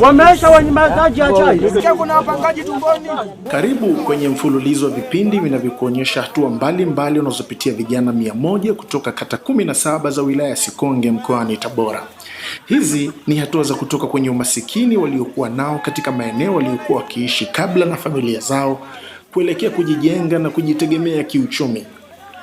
wameisha wanyamazaji wa Kuna wapangaji tumboni. Karibu kwenye mfululizo wa vipindi vinavyokuonyesha hatua mbalimbali unazopitia vijana mia moja kutoka kata kumi na saba za wilaya ya Sikonge mkoani Tabora. Hizi ni hatua za kutoka kwenye umasikini waliokuwa nao katika maeneo waliokuwa wakiishi kabla na familia zao kuelekea kujijenga na kujitegemea kiuchumi.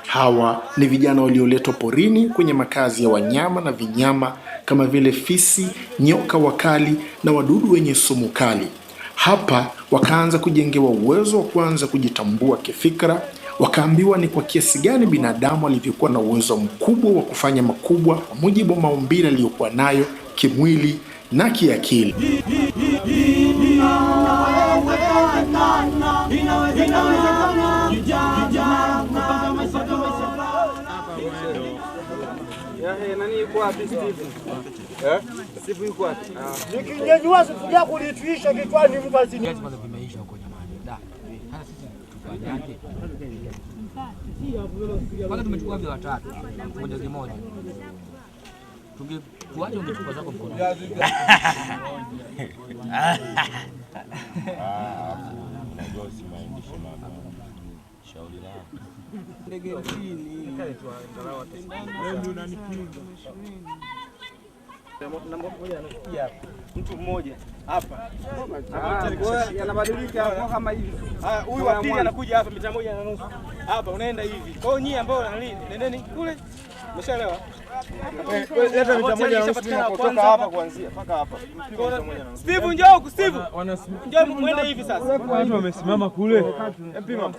Hawa ni vijana walioletwa porini kwenye makazi ya wanyama na vinyama kama vile fisi, nyoka wakali na wadudu wenye sumu kali. Hapa wakaanza kujengewa uwezo wa kuanza kujitambua kifikra, wakaambiwa ni kwa kiasi gani binadamu alivyokuwa na uwezo mkubwa wa kufanya makubwa kwa mujibu wa maumbile aliyokuwa nayo kimwili na kiakili. yuko wapi Steve? Eh? Steve yuko wapi? Nikinyanyua sufuria kulitwisha kichwani mkazi. Kwanza vimeisha huko jamani. Da. Eh, Hata sisi tufanyaje? Kwanza tumechukua vya watatu. Moja kimoja. Tungekuaje ungechukua zako mkono. Ah ndege chini. Mtu mmoja hapa yanabadilika kama hivi. Huyu wa pili anakuja hapa mita moja na nusu hapa, unaenda hivi. Kwa hiyo nyie ambao nendeni kule, umeshaelewa? Leta mita moja na nusu kutoka hapa kuanzia mpaka hapa. Steve, njoo huku Steve, njoo mwende hivi sasa. Watu wamesimama kule, pima pima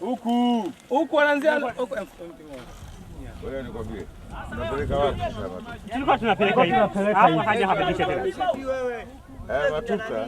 Huku huku anaanzia tulikuwa tunapeleka hapo, haja habadilisha tena eh, matuta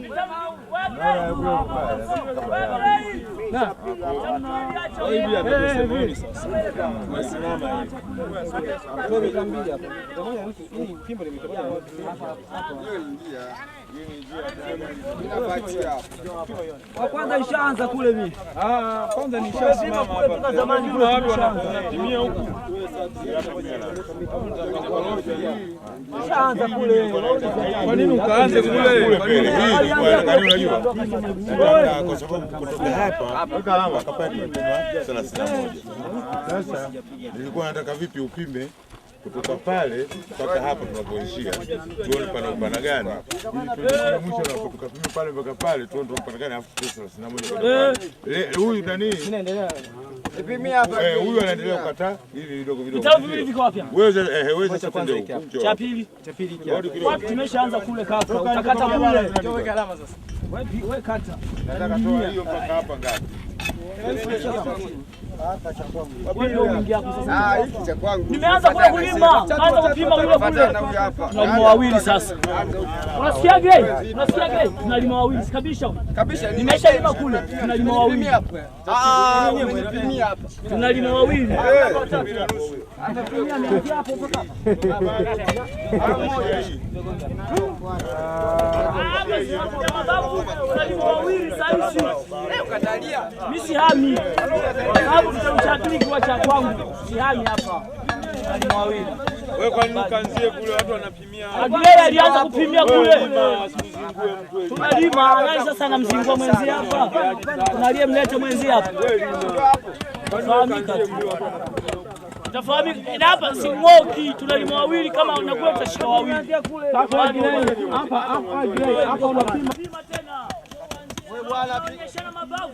wa kwanza ishaanza kule mimi. Ah, kwanza nishasimama hapa. Kuna watu wanatimia huku. Kwa nini ukaanze kule? Kwa sababu kutoka hapa thelathini na moja. Sasa nilikuwa nataka vipi upime kutoka pale mpaka hapa tunapoishia, tuone pana upana gani, ili mwisho tukapima pale mpaka pale tuone upana gani, afu pesa sina moja kwa huyu nani eh, huyu anaendelea kukata hivi vidogo vidogo. Vitabu viwili viko wapi? Weza eh, cha kwanza hiki. Cha pili. Cha pili hiki. Wapi tumeshaanza kule kaka. Utakata kule. weka alama sasa. Wewe wewe kata. Nataka toa hiyo mpaka hapa ngapi? Nimeanza kule kulima, anza kupima kule kule. Tunalima wawili sasa. Unasikia gei? Unasikia gei? Tunalima wawili kabisa. Kabisa. Nimesha lima kule. Tunalima wawili. Tunalima ah, wawili. mimi hapo eh. kaka cha kwangu sihami hapa walimu wawili. Wewe kwa nini ukaanzie kule watu wanapimia? Agile alianza kupimia kule. Tunalima anai sasa na mzingua mwenzi hapa. Tunalie mlete mwenzi hapa. Fahamika. Tafahamika. Na hapa si ngoki tunalima wawili kama unakuwa utashika wawili. Hapa hapa hapa unapima. Wewe bwana. Onyeshana mabavu.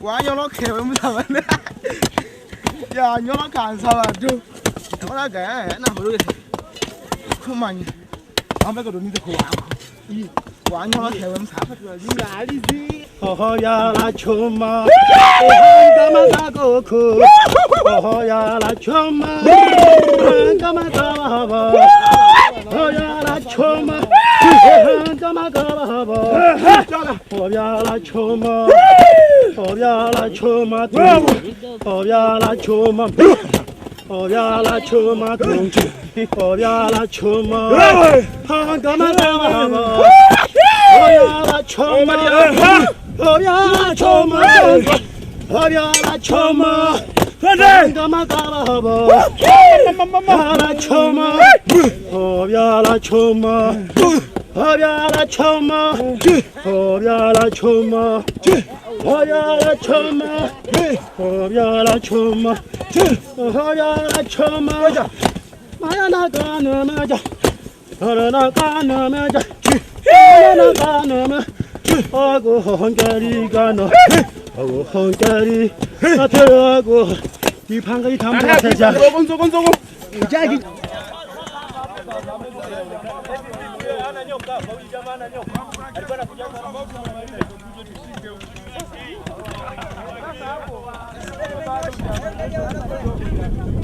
wanyolokhewemuzaanyolokansa vatu aagaanaoaaaodoniakowako 완전 대원 사줘야지 알리지 허허야 나 춤마 예! 예, 한가만 사고 그 허허야 나 춤마 네! 한가만 사와봐 허야 나 춤마 한가만 가봐봐 허야 나 춤마 허야 나 춤마 네, 허야 나 춤마 네! 허야라 초마 동치 허야라 초마 한가만 남아봐 허야라 천마 허야라 천마 허야라 천마 한가마 가라하바 하라 천마 허야라 천마 허야라 천마 허야라 천마 허야라 천마 허야라 천마 허야라 천마 마야 나가는 마자 어나가 넘어 어나가 넘어 아고 헌가리가 너 아고 헌가리 나 들어가고 뒤판가리 담배 세자 소금 소금 소금 자기 Thank you.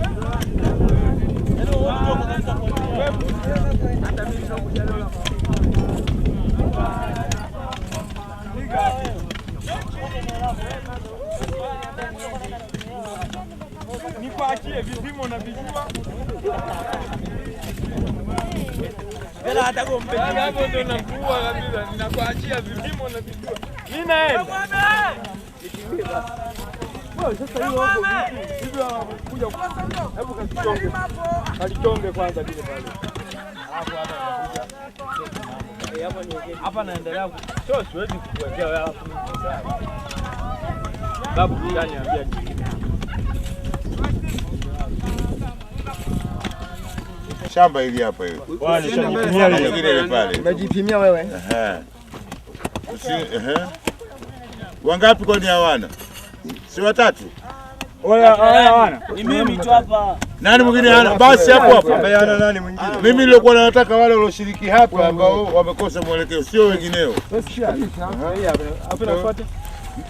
Nipatie vipimo na vijua bila hata kumpigia. Yaani hapo ndo nakuwa kabisa, ninakuachia vipimo na vijua. Mimi naenda kalichonge kwanza kile pale. Hapa naendelea sio, siwezi kukuwekea wewe hapo babu kijani ambia shamba hili hapa hili. Umejipimia wewe? Wangapi kwani hawana? si watatu ah, nani mwingine hana? Basi hapo hapo ah. mimi nilikuwa nataka wale walioshiriki hapa ambao wamekosa mwelekeo, sio wengineo. Mpe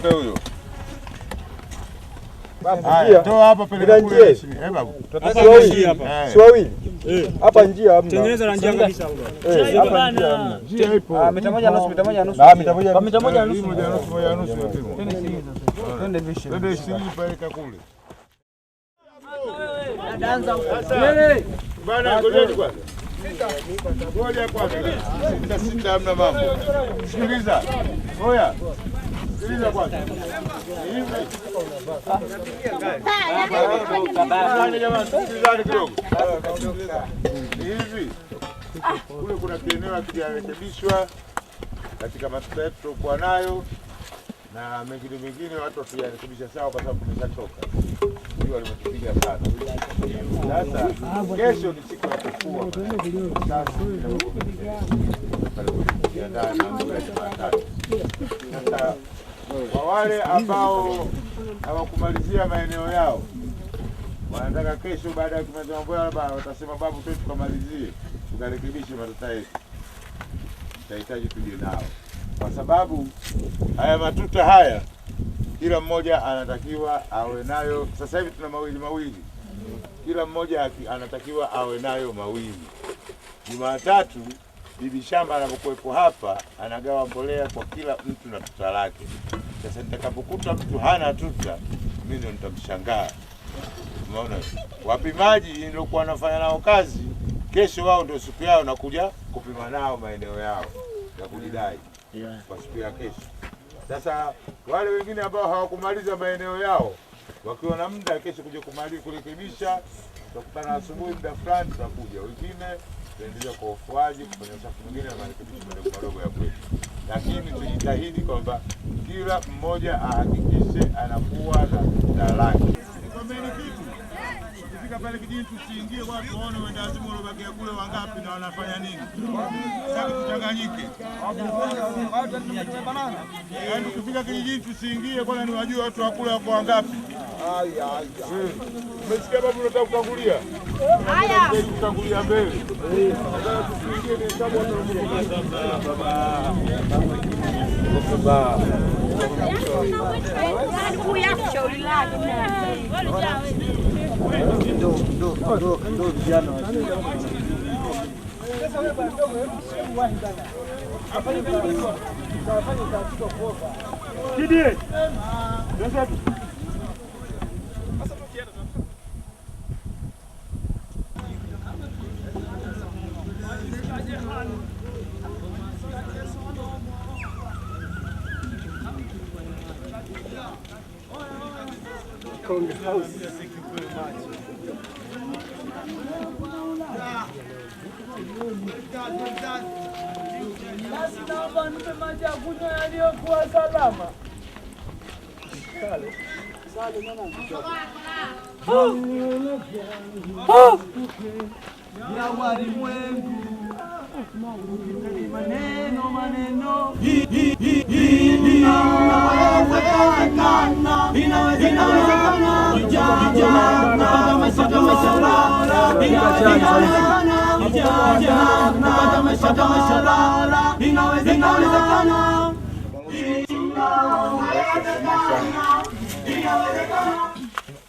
huyo hapa, eh, Si wawili eh. hapa, njia hamna. Twende vishi. Twende ishirini peleka kule. Adaanza wewe. Bana ngoja kwanza. Ngoja kwanza. Sita sita hamna mambo. Sikiliza. Oya. Sikiliza kwanza. sikilizani kidogo. Hivi. Kule kuna kieneo hakijarekebishwa katika masuala yetu tulikuwa nayo na mengine mengine watu wakiyarekebisha sawa, kwa sababu tumeshachoka, jua limetupiga sana. Sasa kesho ni siku ya kufua, sasa kwa wale ambao hawakumalizia maeneo yao wanataka kesho baada ya kumaliza mambo yao, labda watasema babu, tukamalizie tukarekebishe matata yetu, tutahitaji tuje nao kwa sababu haya matuta haya kila mmoja anatakiwa awe nayo. Sasa hivi tuna mawili mawili, kila mmoja anatakiwa awe nayo mawili. Jumatatu bibi shamba anapokuwepo hapa anagawa mbolea kwa kila mtu na tuta lake. Sasa nitakapokuta mtu hana tuta, mimi ndio nitamshangaa. Umeona, wapimaji niliokuwa nafanya nao kazi, kesho wao ndio siku yao, nakuja kupima nao maeneo yao ya kujidai yeah. kwa siku ya kesho. Sasa wale wengine ambao hawakumaliza maeneo yao wakiwa na muda kesho kuja kumaliza kurekebisha, tutakutana asubuhi muda fulani, tutakuja wengine tuendelee kwa ufuaji kufanya usafi mwingine na marekebisho madogo madogo ya kwetu, lakini tujitahidi kwamba kila mmoja ahakikishe anakuwa na kuta Tunapofika pale kijijini, tusiingie watu waone wenda wazimu waliobakia kule wangapi na wanafanya nini. Sasa tuchanganyike, yaani tukifika kijijini tusiingie kwanza niwajue watu wa kule wako wangapi. Umesikia babu, unataka kutangulia kutangulia mbele tusiingie Come vijana House. Basi naomba nipe maji ya kunywa yaliyokuwa salama. Ya walimwengu maneno maneno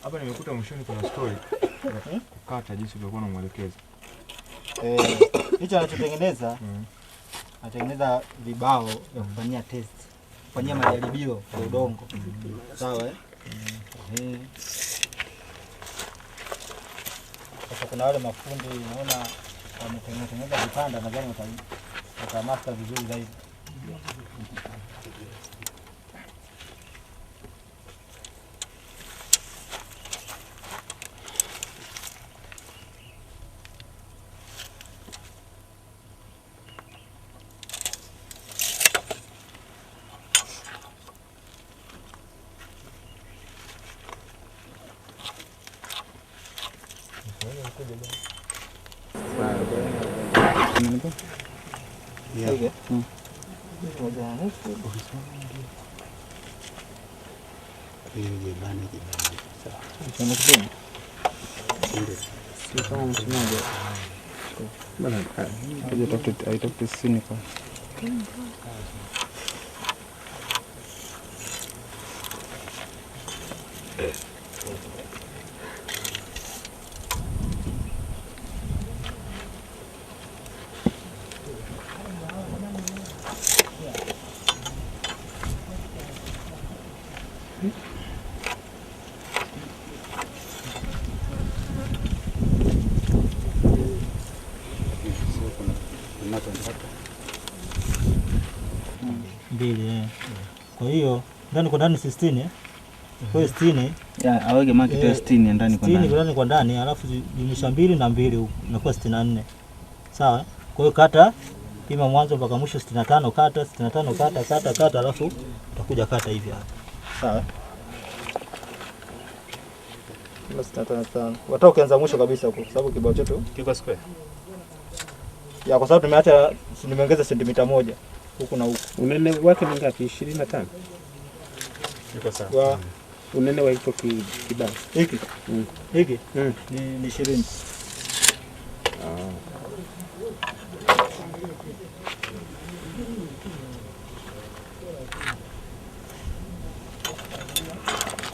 hapa nimekuta mwishoni kuna stori kukata jinsi ulivyokuwa unamwelekeza eh, hicho anachotengeneza, mm. anatengeneza vibao vya kufanyia test kufanyia majaribio ya udongo. Sawa eh? Mm-hmm. Sasa kuna wale mafundi naona wametengeneza vitanda, nadhani watamaster vizuri zaidi. Ano na to? Yeah. Hmm. Ayun, iba na, iba na. Isa mo ito. Ito ang sinabi. Malaka. I talk to, I talk to Sinica. Thank God. mbili. Eh. Kwa hiyo ndani kwa ndani si sitini, eh? kwa hiyo sitini eh? aweke maki tu sitini ndani kwa ndani, alafu jumlisha mbili na mbili huko inakuwa sitini na nne. Sawa. Kwa hiyo kata pima mwanzo mpaka mwisho, sitini na tano kata, sitini na tano kata, kata, kata, alafu utakuja kata hivi hapa Ah. sawa ukianza mwisho kabisa huko, sababu kibao chetu kiko square ya, kwa sababu tumeacha, nimeongeza sentimita moja huku na huku. Unene wake ni ngapi? ishirini na tano. Unene wa hicho kibao hiki mm. hiki mm. ni ishirini.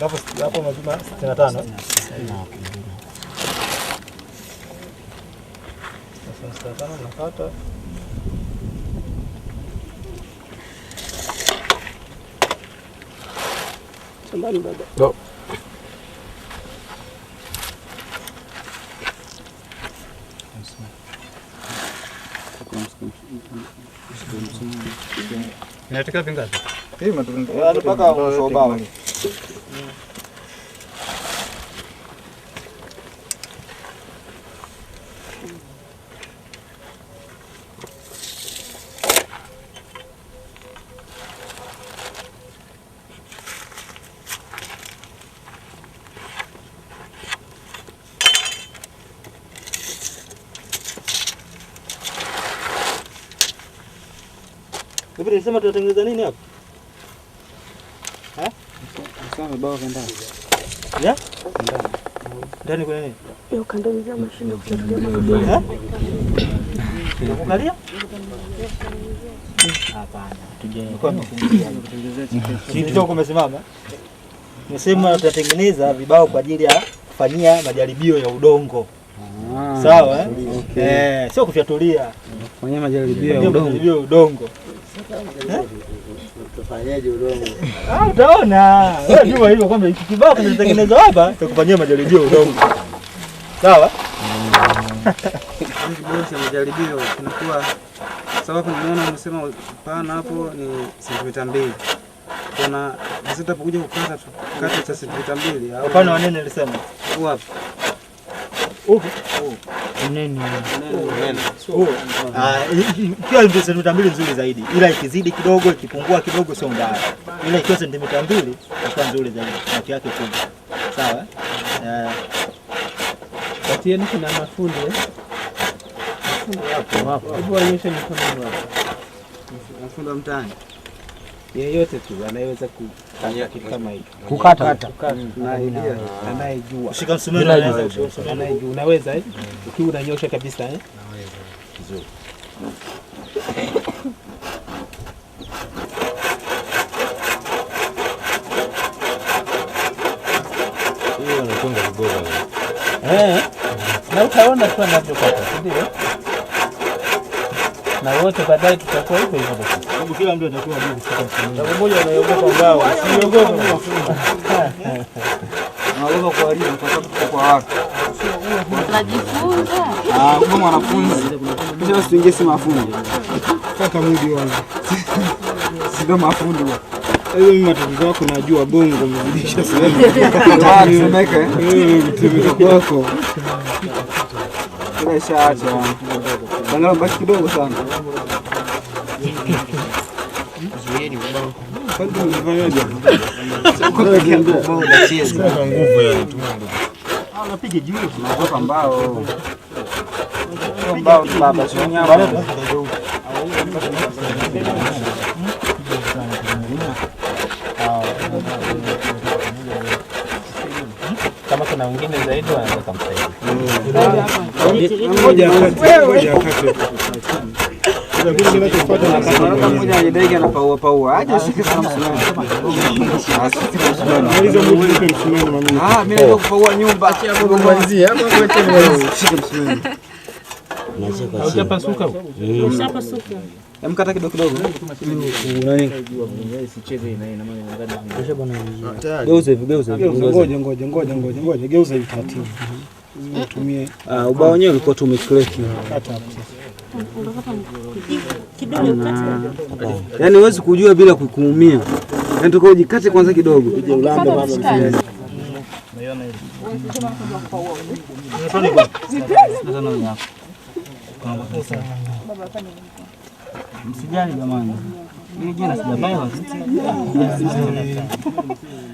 hapo hapo majuma 65 nakata shambani baba Inataka vingapi? Hii matumizi. Yaani mpaka ushobawe. ulisema tutatengeneza nini hapo? Ndani kuna nini? Kukalia? Hapana. Kumesimama. Nimesema tutatengeneza vibao kwa ajili ya kufanyia majaribio ya udongo. Sawa eh? Eh, sio kufyatulia. Kufanyia majaribio ya udongo. Tufanyeje udongo? Ah, utaona. Wewe ndio hivyo kwamba hiki kibao kinatengenezwa hapa, tutakufanyia majaribio udongo. Sawa? Sasa majaribio tunakuwa sababu nimeona umesema pana hapo ni sentimita mbili. Kuna sasa tutapokuja kukata kata cha sentimita mbili au upana wa nini nilisema? Wapi? Ikiwa sentimita mbili nzuri zaidi, ila ikizidi kidogo, ikipungua kidogo sio mbaya, ila ikiwa sentimita mbili itakuwa nzuri zaidi, mati yake kubwa. Sawa, kati yenu kuna mafundi mfundi wa mtaani yeyote tu anaweza kufanya kitu kama hii kukata mm. anayejua unaweza eh? ukiwa unanyosha kabisa eh? eh, na utaona tu anavyokata, ndio na wote baadaye tutakuwa hivyo hivyo, sababu kila mtu atakuwa hivyo. kushika Sababu moja anaogopa mbao, siogopa naogopa kuharibu kwa sababu kwa watu Ah, kwa mwanafunzi kisha usiingie, si mafundi kaka wangu, sio mafundi hiyo. Mimi matatizo yako najua, bongo sehemu ah, kwako, Angalau basi kidogo sana. Kama kuna mwingine zaidi anaweza kumsaidia. Mm. Mkata kidogo kidogo. Geuza hivi, geuza hivi. Ngoja, ngoja, ngoja, ngoja, geuza hivi taratibu utumie. Ah, ubao wenyewe ulikuwa tu umecrack. Yaani huwezi kujua bila kukuumia. Yaani tukao jikate kwanza kidogo. Msijali jamani.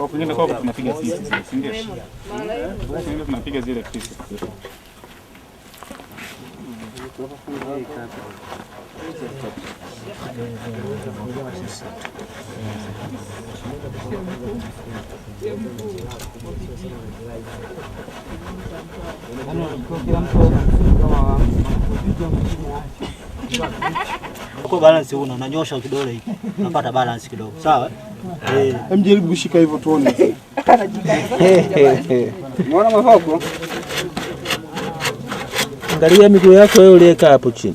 Kwingine tunapiga fisi zile, si tunapiga zile kwa balance una unanyosha kidole hiki, unapata balance kidogo, sawa? Eh, eh. mjaribu kushika hivyo tuone. Angalia miguu yako wewe uliyeka hapo chini.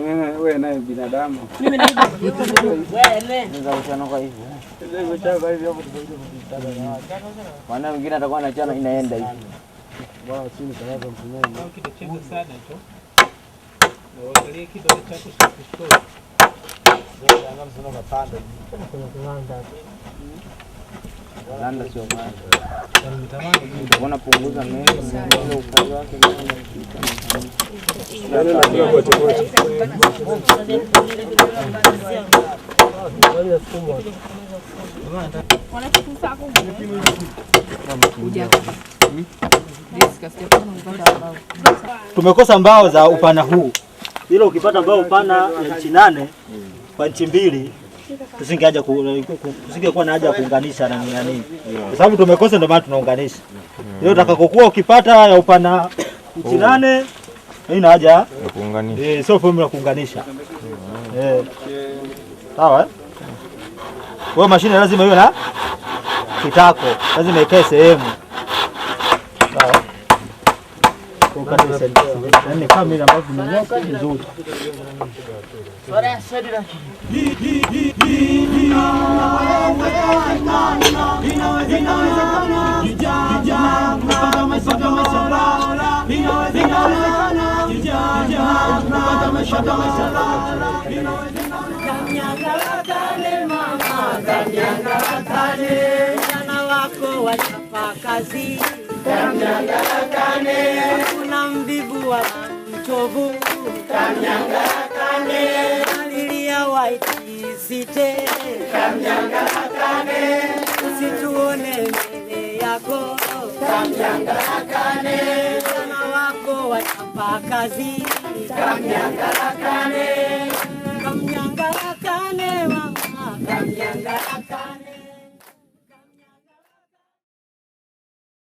Wewe naye binadamu maana mwingine atakuwa na chana inaenda hivi sio punguza Tumekosa mbao za upana huu, ila ukipata mbao upana ya nchi nane kwa nchi mbili tusingeaja tusingekuwa na haja ya kuunganisha na nani, kwa sababu tumekosa, ndio maana tunaunganisha. Hiyo mm. utakakokuwa ukipata ya upana nchi oh. nane haina haja ya kuunganisha eh, sio fomu ya kuunganisha eh, sawa. Eh? Wewe mashine lazima iwe na kitako, lazima ikae sehemu sawa yaani kama ile ambavyo vimenyoka vizuri. সরাসরি রাখি Vijana wako wachapa kuna mvivu wa mchovu kane Alilia waiti site Kamjangala kane Usituone mbele yako Kamjangala kane Mama wako wachapa kazi Kamjangala kane